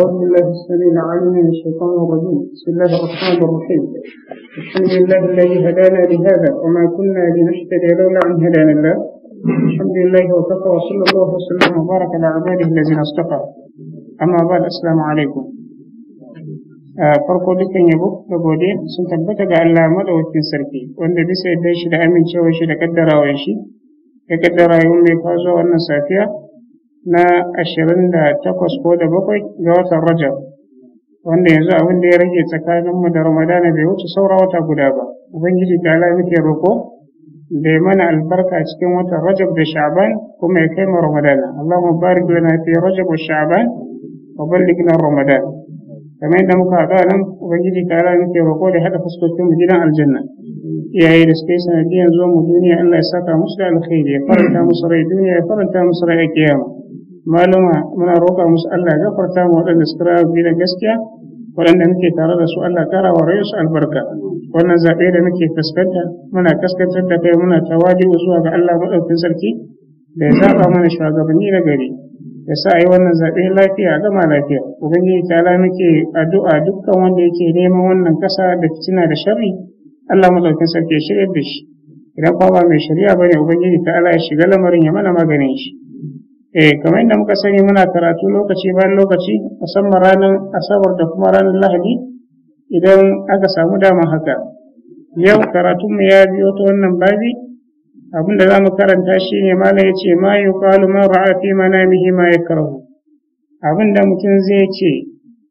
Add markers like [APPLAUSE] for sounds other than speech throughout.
أعوذ بالله السميع العليم من الشيطان الرجيم بسم الله الرحمن الرحيم الحمد لله الذي هدانا لهذا وما كنا لنهتدي لولا أن هدانا الله الحمد لله وكفى وصلى الله وسلم وبارك على عباده الذين اصطفى أما بعد السلام عليكم فرقوا dukkan yabo da gode sun tabbata ga Allah madawacin sarki wanda bisa yadda shi da amincewa shi da kaddarawa shi da na ashirin da takwas ko da bakwai ga watan rajab wanda yanzu abin da ya rage tsakaninmu da ramadana bai wuce saura wata guda ba ubangiji ta ala muke roƙo da ya mana albarka cikin watan rajab da sha'ban kuma ya kai mu ramadana allahumma barik lana fi rajab wa sha'ban wa ballighna ramadan kamar yadda muka haɗa nan ubangiji ta ala muke roƙo da haɗa fuskokin mu gidan aljanna iyaye da suka sanadiyan zuwa mu duniya allah ya saka musu da alkhairi ya faranta musu rai duniya ya faranta musu rai a kiyama maluma muna roƙa musu Allah ya gafarta mu waɗanda suka rawa bi da gaskiya waɗanda muke tare da su Allah kara wa rayu su albarka wannan zaɓe da muke fuskanta muna kaskantar da kai muna tawadi zuwa ga Allah maɗaukin sarki da ya zaɓa mana shugabanni na gari ya sa yi wannan zaɓe lafiya a gama lafiya ubangiji ta muke addu'a dukkan wanda yake neman wannan ƙasa da fitina da sharri Allah maɗaukin sarki ya shirya da shi idan ba mai shari'a bane ubangiji ta ya shiga lamarin ya mana maganin shi eh kamar yadda muka sani muna karatu lokaci bayan lokaci musamman ranar asabar da kuma ranar lahadi idan aka samu dama haka yau karatunmu ya biyo ta wannan babi abin da za mu karanta shi ne malam ya ce ma yi kwalu ma ra'a fi manamihi ma ya karahu abin da mutum zai ce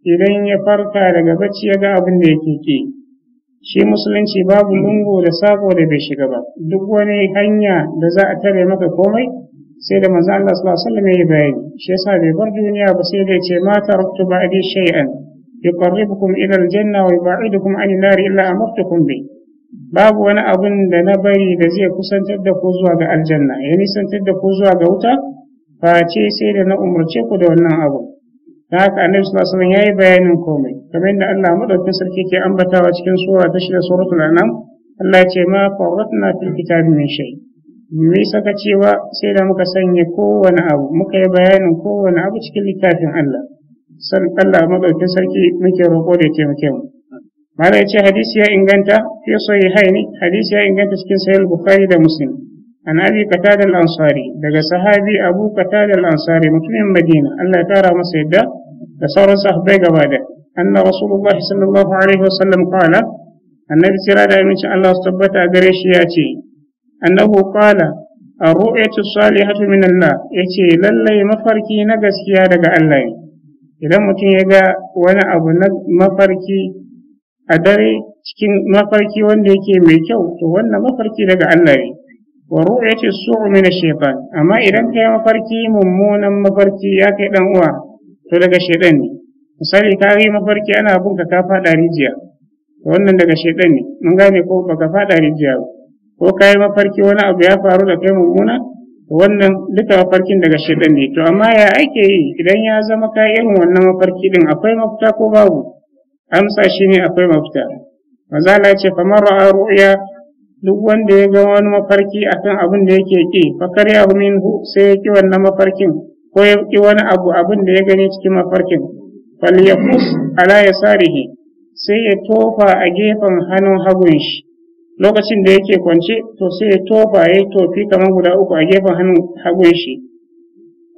idan ya farka daga bacci ya ga abin da yake ke shi musulunci babu lungu da sako da bai shiga ba duk wani hanya da za a tare maka komai sai da manzo Allah sallallahu alaihi wasallam ya bayani shi yasa bai bar duniya ba sai da ce ma taraktu ba'di shay'an yuqarribukum ila aljanna wa yub'idukum an nar illa amartukum bi babu wani abun da na bari da zai kusantar da ku zuwa ga aljanna ya nisantar da ku zuwa ga wuta face sai da na umarce ku da wannan abu da haka annabi sallallahu alaihi wasallam yayi bayanin komai kamar yadda Allah madaukakin sarki ke ambatawa cikin sura ta shida suratul anam Allah ya ce ma faratna fil kitabi min shay' mai saka cewa sai da muka sanya kowane abu muka yi bayanin kowane abu cikin littafin Allah san Allah madaukin sarki muke roƙo da taimake mu mana ya ce hadisi ya inganta fi sahihaini hadisi ya inganta cikin sahih bukhari da muslim an abi qatada al-ansari daga sahabi abu qatada al-ansari mutumin madina Allah ya tara masa yadda da sauran sahabbai gaba da anna rasulullah sallallahu alaihi wasallam qala annabi sira da amincin Allah su tabbata gare shi ya ce annahu qala a ruyatu salihatu min Allah yace lallai mafarki na gaskiya daga Allah ne idan mutum ya ga wani abu na mafarki a dare cikin mafarki wanda yake mai kyau to wannan mafarki daga Allah ne wa ru'yati su'u min ash-shaytan amma idan kai mafarki mummunan mafarki ya kai dan uwa to daga shaytan ne misali ka yi mafarki ana bunka ka fada rijiya to wannan daga shaytan ne mun gane ko baka fada rijiya ba ko ka yi mafarki wani abu ya faru da kai mummuna wannan duka mafarkin daga shaidan ne to amma ya ake yi idan ya zama ka irin wannan mafarki din akwai mafita ko babu amsa shi ne akwai mafita mazala ce kamar ra'a ru'ya duk wanda ya ga wani mafarki akan abin da yake ki fakar ya minhu sai ya ki wannan mafarkin ko ya ki wani abu abin da ya gani cikin mafarkin fal yafus ala yasarihi sai ya tofa a gefen hannun hagun shi lokacin da yake kwance to sai ya tofa ya tofi kamar guda uku a gefen hannun hagun shi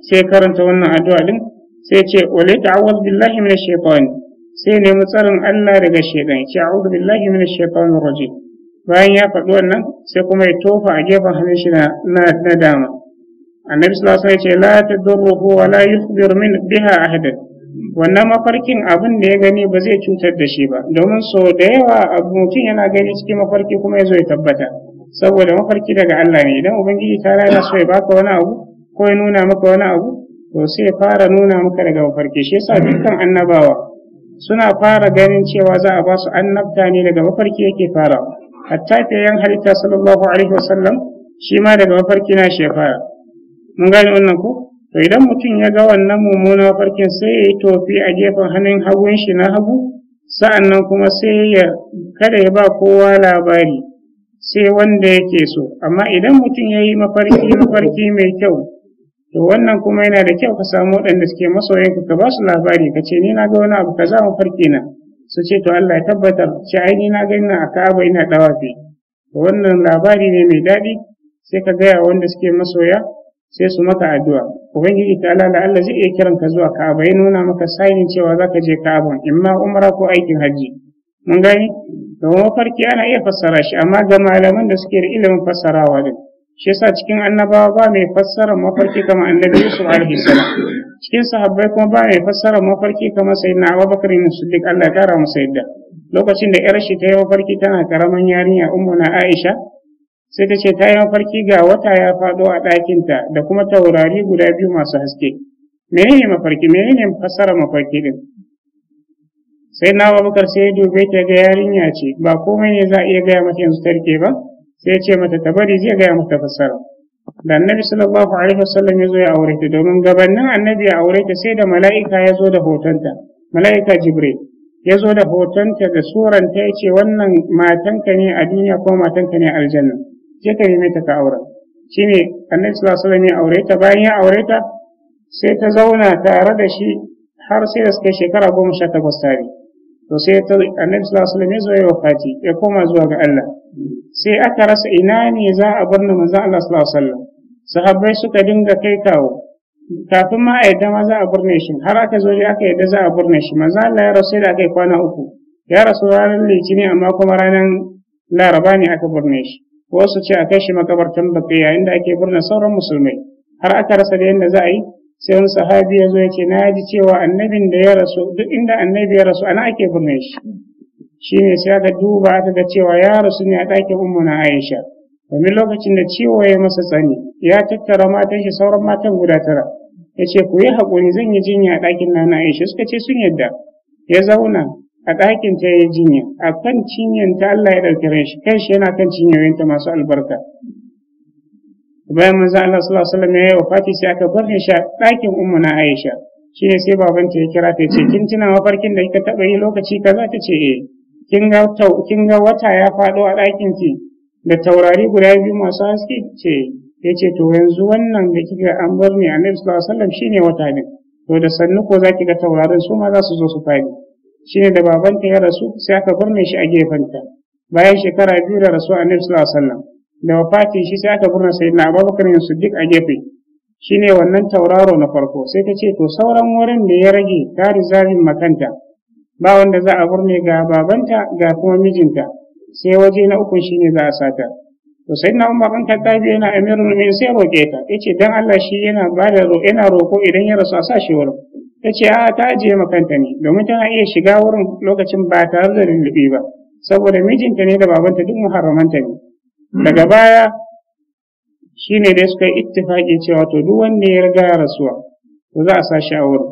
sai karanta wannan addu'a din sai ce wala ta'awuz billahi minash shaitani sai nemi tsarin Allah daga shaitan ya ce a'udhu billahi minash shaitanir rajim bayan ya faɗi wannan sai kuma ya tofa a gefen hannun shi na dama annabi sallallahu alaihi wasallam ya ce la tadurruhu wa la yukhbir min biha ahadan wannan mafarkin abin da ya gani ba zai cutar da shi ba domin so da yawa abu mutum yana gani cikin mafarki kuma ya zo ya tabbata saboda mafarki daga Allah ne idan ubangiji ta rana so ya baka wani abu ko ya nuna maka wani abu to sai fara nuna maka daga mafarki shi yasa dukkan annabawa suna fara ganin cewa za a ba su annabta ne daga mafarki yake fara hatta yan halitta sallallahu alaihi wasallam shi ma daga mafarki na shi ya fara mun gani wannan ko to idan mutum ya ga wannan mummunan farkin sai ya yi tofi a gefen hannun hagun shi na hagu sa'an nan kuma sai ya kada ya ba kowa labari sai wanda yake so amma idan mutum ya yi mafarki mafarki mai kyau to wannan kuma yana da kyau ka samu waɗanda suke masoyanka ka ba su labari ka ce ni na ga wani abu ka za mafarki na su ce to Allah ya tabbatar ce ai ni na ga ina a Ka'aba ina dawafi to wannan labari ne mai daɗi sai ka gaya wanda suke masoya sai su maka addu'a ubangiji ta Allah Allah zai iya kiran ka zuwa Ka'aba ya nuna maka sayin cewa zaka je Ka'aba imma umara, ko aikin hajji. mun gani domin mafarki ana iya fassara shi amma ga malaman da suke da ilimin fassarawa din shi yasa cikin annabawa ba mai fassarar mafarki kamar annabi Yusuf alaihi salam cikin sahabbai kuma ba mai fassarar mafarki kamar sayyidina Abubakar ibn Siddiq Allah ya kara masa yadda lokacin da yar shi ta yi mafarki tana karaman yarinya ummuna Aisha sai ta ce ta yi mafarki ga wata ya faɗo a ɗakinta da kuma taurari guda biyu masu haske menene mafarki menene fassara mafarki din sai na babakar sai ya dube ta ga yarinya ce ba komai ne za a iya gaya mata yanzu tarke ba sai ya ce mata ta bari zai gaya mata fassara da annabi sallallahu alaihi wasallam ya zo ya aure ta domin gabanin annabi ya aure ta sai da mala'ika ya zo da hotonta mala'ika jibril ya zo da hotonta da suranta ya ce wannan matanka ne a duniya ko matanka ne a aljanna je ka yi ta ka aura shine annabi sallallahu alaihi wasallam ya aure ta bayan ya aure ta sai ta zauna tare da shi har sai da suka shekara goma sha takwas tare to sai ta annabi sallallahu alaihi wasallam ya zo ya wafati ya koma zuwa ga Allah sai aka rasa ina ne za a bar manzon Allah sallallahu alaihi wasallam sahabbai suka dinga kai kawo kafin ma a yadda ma za a burne shi har aka zo aka yadda za a burne shi manzo Allah ya rasu da aka yi kwana uku ya rasu ranar litini amma kuma ranar laraba ne aka burne shi wasu ce a kai shi makabartan bakai yayin da ake birnin sauran musulmai har aka rasa da yadda za a yi sai wani sahabi ya zo ya ce na ji cewa annabin da ya rasu duk inda annabi ya rasu ana ake birne shi shi ne sai aka duba aka ga cewa ya rasu ne a ɗakin na aisha domin lokacin da ciwo ya masa tsani ya tattara matan shi sauran matan guda tara ya ce ku yi haƙuri zan yi jinya a ɗakin nana aisha suka ce sun yadda ya zauna a ɗakin ta ya jinya a kan cinyan ta Allah ya ɗauki ran shi kan shi yana kan cinyoyinta masu albarka bayan manzo Allah sallallahu alaihi wasallam ya yi wafati sai aka bar shi a ɗakin ummu na Aisha shi ne sai babanta ya kira ta ce kin tuna mafarkin da kika taɓa yi lokaci kaza ta ce eh kin ga wata ya faɗo a ɗakin ki da taurari guda biyu masu haske ce ya ce to yanzu wannan da kika an bar ni annabi sallallahu alaihi wasallam shine wata ne to da sannu ko za ki ga taurarin su ma za su zo su faɗi Shi ne da babanta ya rasu sai aka burne shi a gefenta bayan shekara biyu da rasu a sallallahu alaihi wasallam da wafatin shi sai aka burne sayyidina abubakar yin siddiq a gefe Shi ne wannan tauraro na farko sai ta ce to sauran wurin da ya rage tari rizabin makanta ba wanda za a burne ga babanta ga kuma mijinta sai waje na uku ne za a sata to na umar ta biyu yana amirin mu'minin sai roke ta yace dan Allah shi yana bada roko idan ya rasu a sa shi wurin ta ce a ta ajiye makanta ne domin tana iya shiga wurin lokacin ba tare da lulluɓe ba saboda mijinta ne da babanta duk muharramanta ne daga baya shi shine dai suka yi ittifaki cewa to duk wanda ya riga rasuwa to za a sa shi a wurin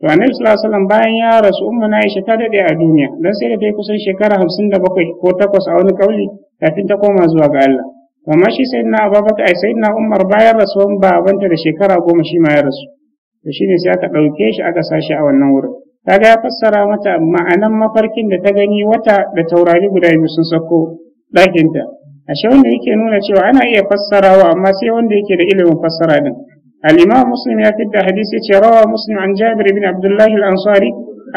to annabi sallallahu alaihi bayan ya rasu na Aisha ta daɗe a duniya don sai da ta yi kusan shekara bakwai ko takwas a wani kauli kafin ta koma zuwa ga Allah amma shi sayyidina Abubakar ai sayyidina Umar bayan rasuwan babanta da shekara goma shi ma ya rasu to shine sai aka ɗauke shi aka sa shi a wannan wurin kaga ya fassara mata ma'anan mafarkin da ta gani wata da taurari guda biyu sun sako ɗakinta ashe wanda yake nuna cewa ana iya fassarawa amma sai wanda yake da ilimin fassara din al-imam muslim ya fidda hadisi ce rawa muslim an jabir ibn abdullahi al-ansari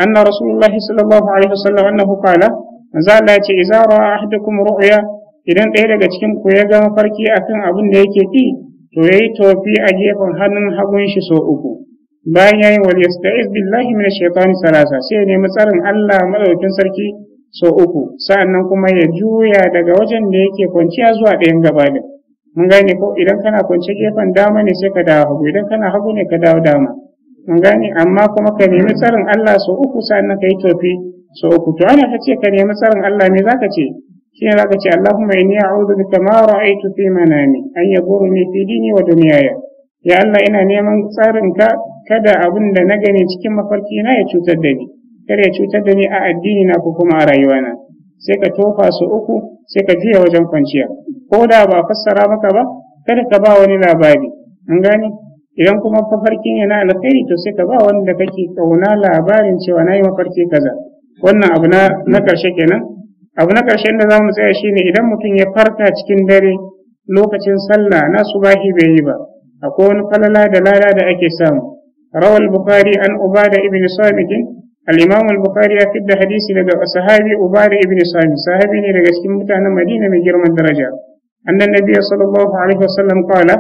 anna rasulullahi sallallahu alaihi wasallam annahu qala manzo Allah ce idza ra'a ahadukum ru'ya idan ɗaya daga cikin ku ya ga mafarki akan abin da yake ki to yayi tofi a gefen hannun hagun shi so uku bayan yayin wal yasta'iz billahi minash shaitani salasa sai ya nemi tsarin Allah madaukin sarki so uku sa'annan kuma ya juya daga wajen da yake kwanciya zuwa ɗayan gabanin mun gane ko idan kana kwance gefen dama ne sai ka dawo hagu idan kana hagu ne ka dawo dama mun gane amma kuma ka nemi tsarin Allah so uku sa'annan ka yi tofi so uku to ana ka ce ka nemi tsarin Allah me zaka ce shi ne zaka ce Allahumma inni a'udhu bika ma ra'aytu fi manami an yadurruni fi dini wa dunyaya ya Allah ina neman tsarin ka kada abin da na gani cikin mafarki na ya cutar da ni kar ya cutar da ni a addini na ko kuma a rayuwana sai ka tofa su uku sai ka juya wajen kwanciya ko da ba fassara maka ba kada ka ba wani labari an gane idan kuma mafarkin yana alkhairi to sai ka ba wanda kake kauna labarin cewa na yi mafarki kaza wannan abu na ƙarshe kenan abu na ƙarshe da za mu tsaya shine idan mutum ya farka cikin dare lokacin sallah na subahi bai yi ba akwai wani falala da lada da ake samu rawal bukhari an ubada ibn samit al-imam al-bukhari ya fidda hadisi daga sahabi ubada ibn samit sahabi ne daga cikin mutanen madina mai girman daraja annan nabiyyu sallallahu alaihi wasallam qala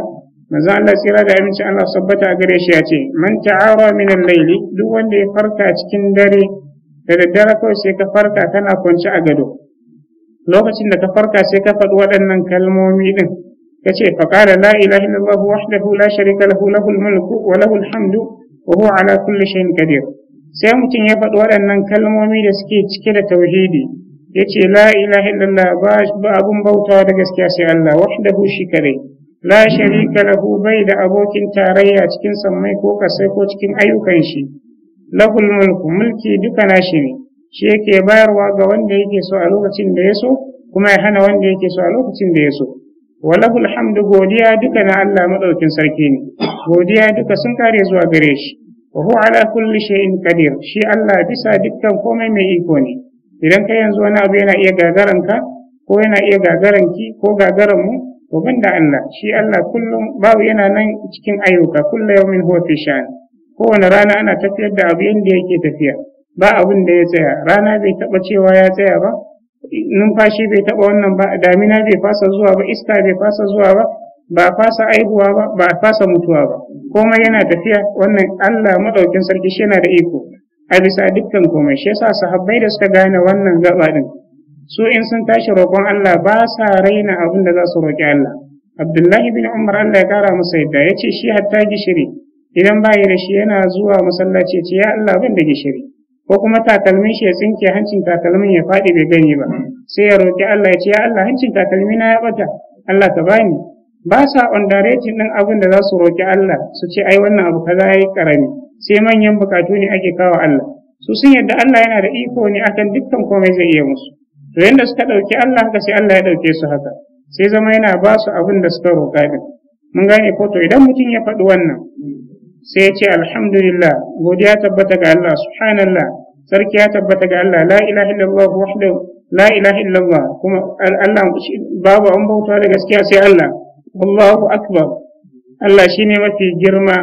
manzo Allah tsira da aminci Allah sabbata a gare shi ya ce man ta'ara min al-layli duk wanda ya farka cikin dare da daddare kawai sai ka farka kana kwance a gado lokacin da ka farka sai ka faɗi waɗannan kalmomi din yace fa qala la ilaha illallah wahdahu la sharika lahu lahul mulku wa lahul hamdu wa huwa ala kulli shay'in qadir sai mutum ya faɗi waɗannan kalmomi da suke cike da tauhidi yace la ilaha illallah ba abun bautawa da gaskiya sai Allah wahdahu shi kadai la sharika lahu bai da abokin tarayya cikin sammai ko kasai ko cikin ayyukan shi lahul mulku mulki duka nashi ne shi yake bayarwa ga wanda yake so a lokacin da ya so kuma ya hana wanda yake so a lokacin da ya so walahul hamdu godiya duka na Allah maɗaukin sarki ne godiya duka sun kare zuwa gare shi wa ala kulli shay'in Kadir, shi Allah bisa dukkan komai mai iko ne idan kai yanzu wani abu yana iya gagaran ka ko yana iya gagaran ki ko gagaran mu to Allah shi Allah kullum babu yana nan cikin ayyuka kullu min huwa fi sha'n kowane rana ana tafiyar da abu yanda yake tafiya ba abin da ya tsaya rana bai taɓa cewa ya tsaya ba numfashi bai taɓa wannan ba damina bai fasa zuwa ba iska bai fasa zuwa ba ba fasa aihuwa ba ba fasa mutuwa ba komai yana tafiya wannan Allah madaukin sarki shi yana da iko a bisa dukkan komai shi yasa sahabbai da suka gane wannan gaba din su in sun tashi roƙon Allah ba sa raina abin da za su roƙi Allah Abdullahi bin Umar Allah ya kara masa yadda ya ce shi hatta gishiri idan bayi da shi yana zuwa masallaci ya ce ya Allah ban da gishiri ko kuma takalmin shi ya tsinke hancin takalmin ya faɗi bai gani ba sai ya roƙi Allah ya ce ya Allah hancin takalmi na ya bata Allah ka bani ba sa underrating din abin da za su roƙi Allah su ce ai wannan abu kaza yayi karami sai manyan bukatu ne ake kawo Allah su sun yadda Allah yana da iko ne akan dukkan komai zai iya musu to yanda suka ɗauki Allah haka sai Allah ya ɗauke su haka sai zama yana ba su abin da suka roƙa din mun gane ko to idan mutum ya faɗi wannan sai ya ce alhamdulillah godiya tabbata ga Allah subhanallah sarki ya tabbata ga Allah la ilaha illallah wahdahu la ilaha illallah kuma Allah babu an bauta da gaskiya sai Allah wallahu akbar Allah shine mafi girma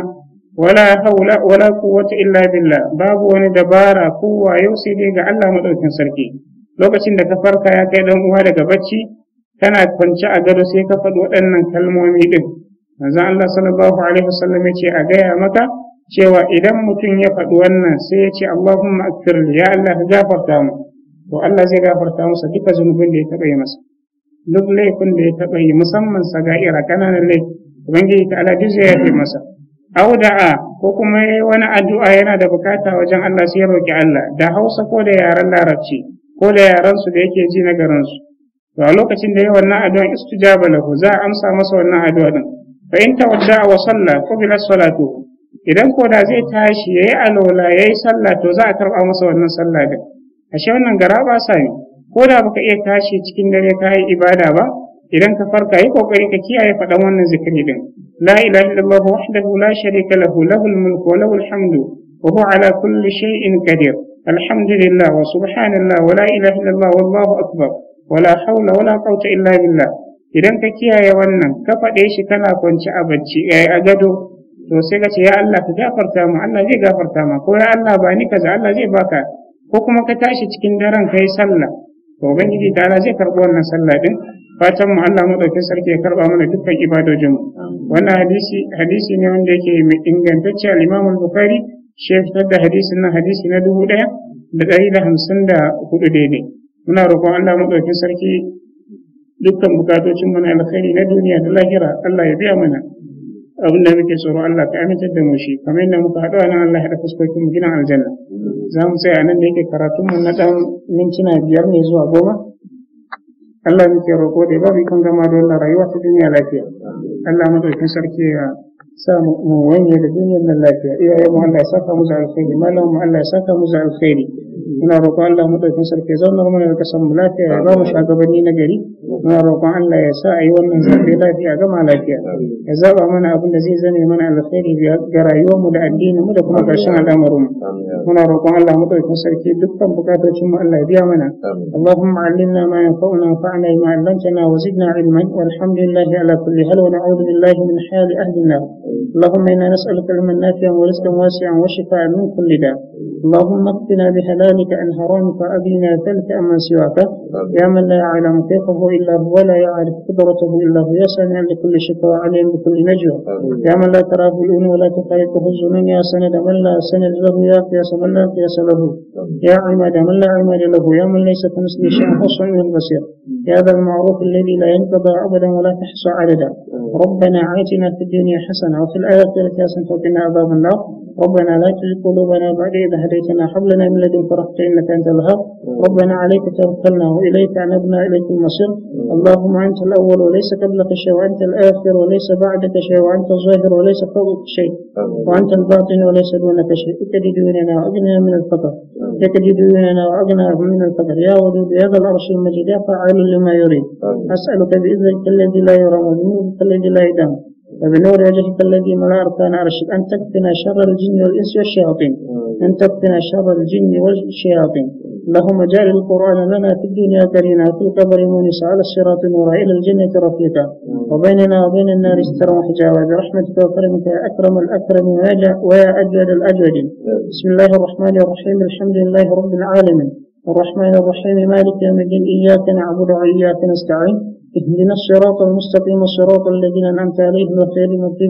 wala haula wala quwwata illa billah babu wani dabara kowa yau sai dai ga Allah madaukakin sarki lokacin da ka farka ya kai dan uwa daga bacci kana kwance a gado sai ka faɗi waɗannan kalmomi din manzon Allah sallallahu alaihi wasallam ya ce a gaya maka cewa idan mutum ya faɗi wannan sai ya ce Allahumma akfir ya Allah ka gafarta mu to Allah zai gafarta masa duka zunubin da ya taɓa yi masa duk laifin da ya taɓa yi musamman saga'ira kananan laifi ubangiji ta ala duk zai yafe masa au da'a ko kuma wani addu'a yana da bukata wajen Allah sai ya roki Allah da Hausa ko da yaren Larabci ko da yaren su da yake ji na garin su to a lokacin da ya wannan addu'a istijaba lahu za a amsa masa wannan addu'a din فإن تودع وصلى قبل الصلاة إذا كنا زيت هاشي يا لولا يا صلى توزع تربى مصور من صلى هاشي من قرابة سامي كنا بك إيه تاشي تكين دري تاي إبادة با إذا كفرت أي كوكري كي أي فلمن ذكر إذا لا إله إلا الله وحده لا شريك له له الملك وله الحمد وهو على كل شيء قدير الحمد لله وسبحان الله ولا إله إلا الله والله أكبر ولا حول ولا قوة إلا بالله idan ka kiyaye wannan ka faɗe shi kana kwanci a bacci yayi eh, a gado to sai ka ce ya Allah ka gafarta mu Allah zai gafarta ma ko ya Allah ba ni kaza Allah zai baka ko kuma ka tashi cikin daren kai sallah to ubangiji ta zai karɓi wannan sallah din fatan mu Allah dauke sarki ya karba mana dukkan ibadojin wannan hadisi hadisi ne wanda yake mai ingantacce al-Imam bukhari shi ya da hadisin nan hadisi na dubu ɗaya da ɗari da hamsin da hudu daidai muna roƙon Allah dauke sarki dukkan bukatocin mana alkhairi na duniya da lahira Allah ya biya mana abin da muke tsoro Allah ka amintar da mu shi kamar yadda muka haɗu nan Allah ya da fuskokin mu gidan aljanna za mu tsaya nan da yake karatun mu na ɗan mintuna biyar ne zuwa goma Allah muke roƙo da babu kan gama da wannan rayuwa ta duniya lafiya Allah madaukin sarki ya sa mu wanye da duniyar nan lafiya iyayen mu Allah ya saka mu za alkhairi malamin Allah ya saka mu za alkhairi muna roƙon Allah madaukin sarki zaunar mana da kasan mu lafiya ya ba mu shugabanni na gari muna roƙon Allah ya sa a yi wannan zaɓe lafiya gama lafiya ya zaba mana abin da zai zame mana alkhairi ga rayuwarmu da addinin mu da kuma ƙarshen al'amarin muna roƙon Allah madaukin sarki dukkan bukatocin mu Allah ya biya mana Allahumma allimna ma yanfa'una fa'na ma 'allamtana wa zidna ilman walhamdulillahi ala kulli hal wa na'udhu billahi min hali ahli an-nar اللهم إنا نسألك علما نافعا ورزقا واسعا وشفاء من كل داء اللهم اقتنا بحلال ذلك أنهاران فأبينا ثلث أما سواك يا من لا يعلم كيفه إلا هو ولا يعرف قدرته إلا هو يسأل لكل شفاء وعليم لكل نجوى يا من لا تراه الأن ولا تفارقه الزمن يا سند من لا سند له يا قياس من لا قياس له يا عماد من لا عماد له يا من ليس كمثل شيء من [COUGHS] البصير يا ذا المعروف الذي لا ينقضى أبدا ولا تحصى عددا ربنا عاتنا في الدنيا حسنة وفي الآخرة حسنة وقنا عذاب النار ربنا لا تزغ قلوبنا بعد إذ هديتنا هب لنا من لدنك رحمة إنك أنت الوهاب ربنا عليك توكلنا وإليك أنبنا إليك المصير اللهم أنت الأول وليس قبلك شيء وأنت الآخر وليس بعدك شيء وأنت الظاهر وليس فوقك شيء وأنت الباطن وليس دونك شيء اكد ديوننا وأغنى من الفقر اكد ديوننا وأغنى من الفقر يا ودود يا ذا العرش المجيد يا فاعل لما يريد أسألك بإذنك الذي لا يرام وبنورك الذي لا يدام وبنور وجهك الذي منارك نار أن تكفنا شر الجن والإنس والشياطين أن تكفنا شر الجن والشياطين اللهم جعل القرآن لنا في الدنيا كرينا في القبر مونس على الصراط نورا إلى الجنة رفيقا وبيننا وبين النار استر وحجابا برحمتك وكرمك يا أكرم الأكرم ويا أجود الأجودين بسم الله الرحمن الرحيم الحمد لله رب العالمين الرحمن الرحيم مالك يوم الدين إياك نعبد وإياك نستعين اهدنا الصراط المستقيم صراط الذين أنعمت عليهم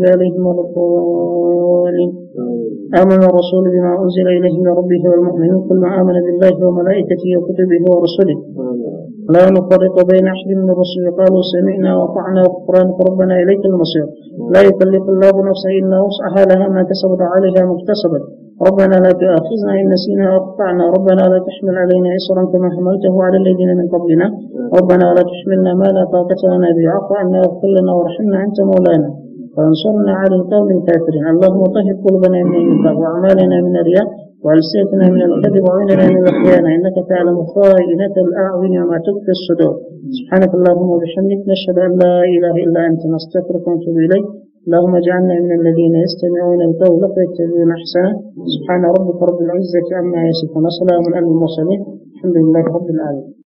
غير المغضوب عليهم ولا الضالين آمن الرسول بما أنزل إليه من ربه والمؤمنون كل آمن بالله وملائكته وكتبه ورسله لا نفرق بين أحد من الرسل قالوا سمعنا وطعنا وقرأنا ربنا إليك المصير لا يكلف الله نفسا إلا وسعها لها ما كسبت عليها ما اكتسبت ربنا لا تؤاخذنا إن نسينا وأخطأنا ربنا لا تحمل علينا إصرا كما حملته على الذين من قبلنا ربنا لا تحملنا ما لا طاقة لنا به عفو عنا واغفر لنا وارحمنا أنت مولانا وانصرنا على القوم الكافرين اللهم طهر قلوبنا من النفاق وأعمالنا من الرياء وألسنتنا من الكذب وعيننا من الخيانة إنك تعلم خائنة الأعين وما تخفي الصدور سبحانك اللهم وبحمدك نشهد أن لا إله إلا أنت نستغفرك ونتوب إليك اللهم اجعلنا من الذين يستمعون القول فيتبعون احسنه سبحان ربك رب العزه عما يصفون وسلام على المرسلين الحمد لله رب العالمين